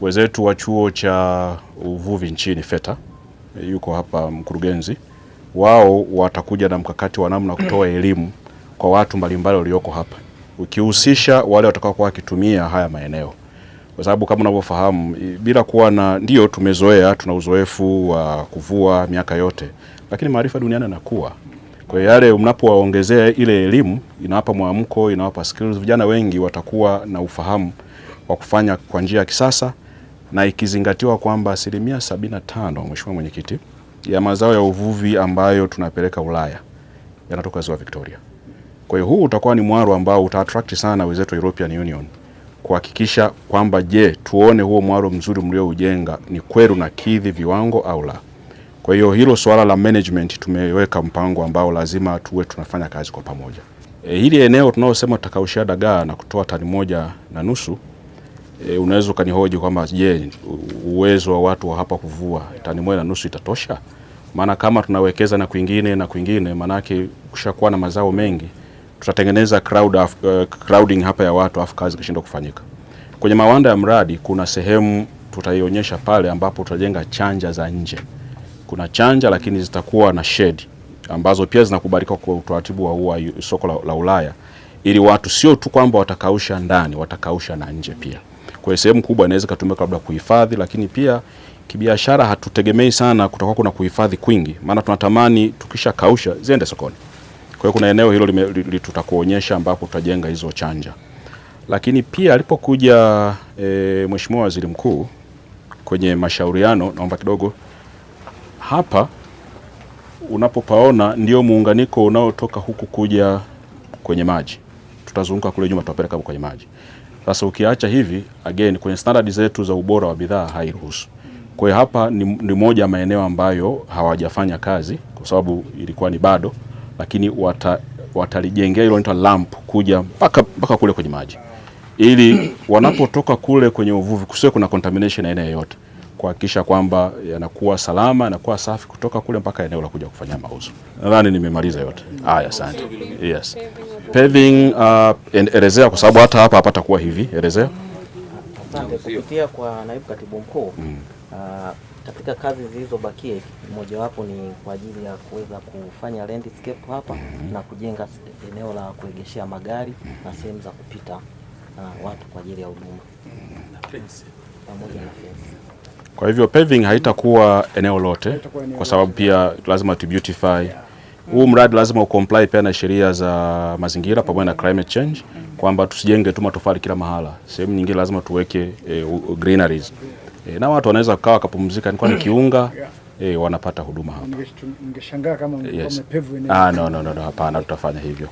Wenzetu wa chuo cha uvuvi nchini FETA, yuko hapa mkurugenzi wao, watakuja na mkakati wa namna kutoa elimu kwa watu mbalimbali walioko hapa, ukihusisha wale watakaokuwa wakitumia haya maeneo, kwa sababu kama unavyofahamu, bila kuwa na ndio, tumezoea tuna uzoefu wa kuvua miaka yote, lakini maarifa duniani yanakuwa kwa yale mnapowaongezea ile elimu inawapa mwamko, inawapa skills. Vijana wengi watakuwa na ufahamu wa kufanya kwa njia ya kisasa na ikizingatiwa kwamba asilimia 75, Mheshimiwa Mwenyekiti, ya mazao ya uvuvi ambayo tunapeleka Ulaya yanatoka Ziwa Victoria. Kwa hiyo huu utakuwa ni mwaro ambao utaattract sana wenzetu European Union kuhakikisha kwamba je, tuone huo mwaro mzuri mlioujenga ni kweli unakidhi viwango au la. Kwa hiyo hilo swala la management tumeweka mpango ambao lazima tuwe tunafanya kazi kwa pamoja. E, hili eneo tunaosema tutakaoshia dagaa na kutoa tani moja na nusu E, unaweza ukanihoji kwamba je, uwezo wa watu wa hapa kuvua tani moja na nusu itatosha? Maana kama tunawekeza na kwingine na kwingine, maanake kushakuwa na mazao mengi, tutatengeneza crowd af, uh, crowding hapa ya watu afu kazi kishindwa kufanyika. Kwenye mawanda ya mradi kuna sehemu tutaionyesha pale ambapo tutajenga chanja za nje. Kuna chanja lakini zitakuwa na shed ambazo pia zinakubalika kwa utaratibu wa ua soko la, la Ulaya ili watu sio tu kwamba watakausha ndani, watakausha na nje pia kwa sehemu kubwa inaweza ikatumika labda kuhifadhi, lakini pia kibiashara hatutegemei sana kutakuwa kuna kuhifadhi kwingi, maana tunatamani tukisha kausha ziende sokoni. Kwa hiyo kuna eneo hilo tutakuonyesha ambapo tutajenga hizo chanja. Lakini pia alipokuja e, Mheshimiwa Waziri Mkuu kwenye mashauriano, naomba kidogo hapa unapopaona ndio muunganiko unaotoka huku kuja kwenye maji, tutazunguka kule nyuma tutapeleka kwenye maji. Sasa ukiacha hivi again, kwenye standard zetu za ubora wa bidhaa hairuhusu. Kwa hiyo hapa ni, ni moja maeneo ambayo hawajafanya kazi kwa sababu ilikuwa ni bado, lakini wata, watalijengea hilo nita lamp kuja mpaka mpaka kule kwenye maji ili wanapotoka kule kwenye uvuvi kusiwe kuna contamination aina yoyote kuhakikisha kwamba yanakuwa salama, yanakuwa safi kutoka kule mpaka eneo la kuja kufanya mauzo. Nadhani nimemaliza yote haya, asante. Yes, paving uh, elezea kwa sababu hata hapa hapata kuwa hivi, elezea. Asante. Kupitia kwa naibu katibu mkuu mm. uh, katika kazi zilizobakia mojawapo ni kwa ajili ya kuweza kufanya landscape hapa mm -hmm. na kujenga eneo la kuegeshea magari mm -hmm. na sehemu za kupita uh, watu kwa ajili ya huduma mm. pamoja mm -hmm. na fence. Kwa hivyo paving haitakuwa eneo lote, kwa sababu pia lazima tu beautify huu mradi, lazima ucomply pia na sheria za mazingira pamoja na climate change, kwamba tusijenge tu matofali kila mahala. Sehemu nyingine lazima tuweke e, greeneries e, na watu wanaweza kukaa wakapumzika, kwani kiunga e, eh, wanapata huduma hapa. Ningeshangaa kama yes. Ah, no, no, no, hapana, tutafanya hivyo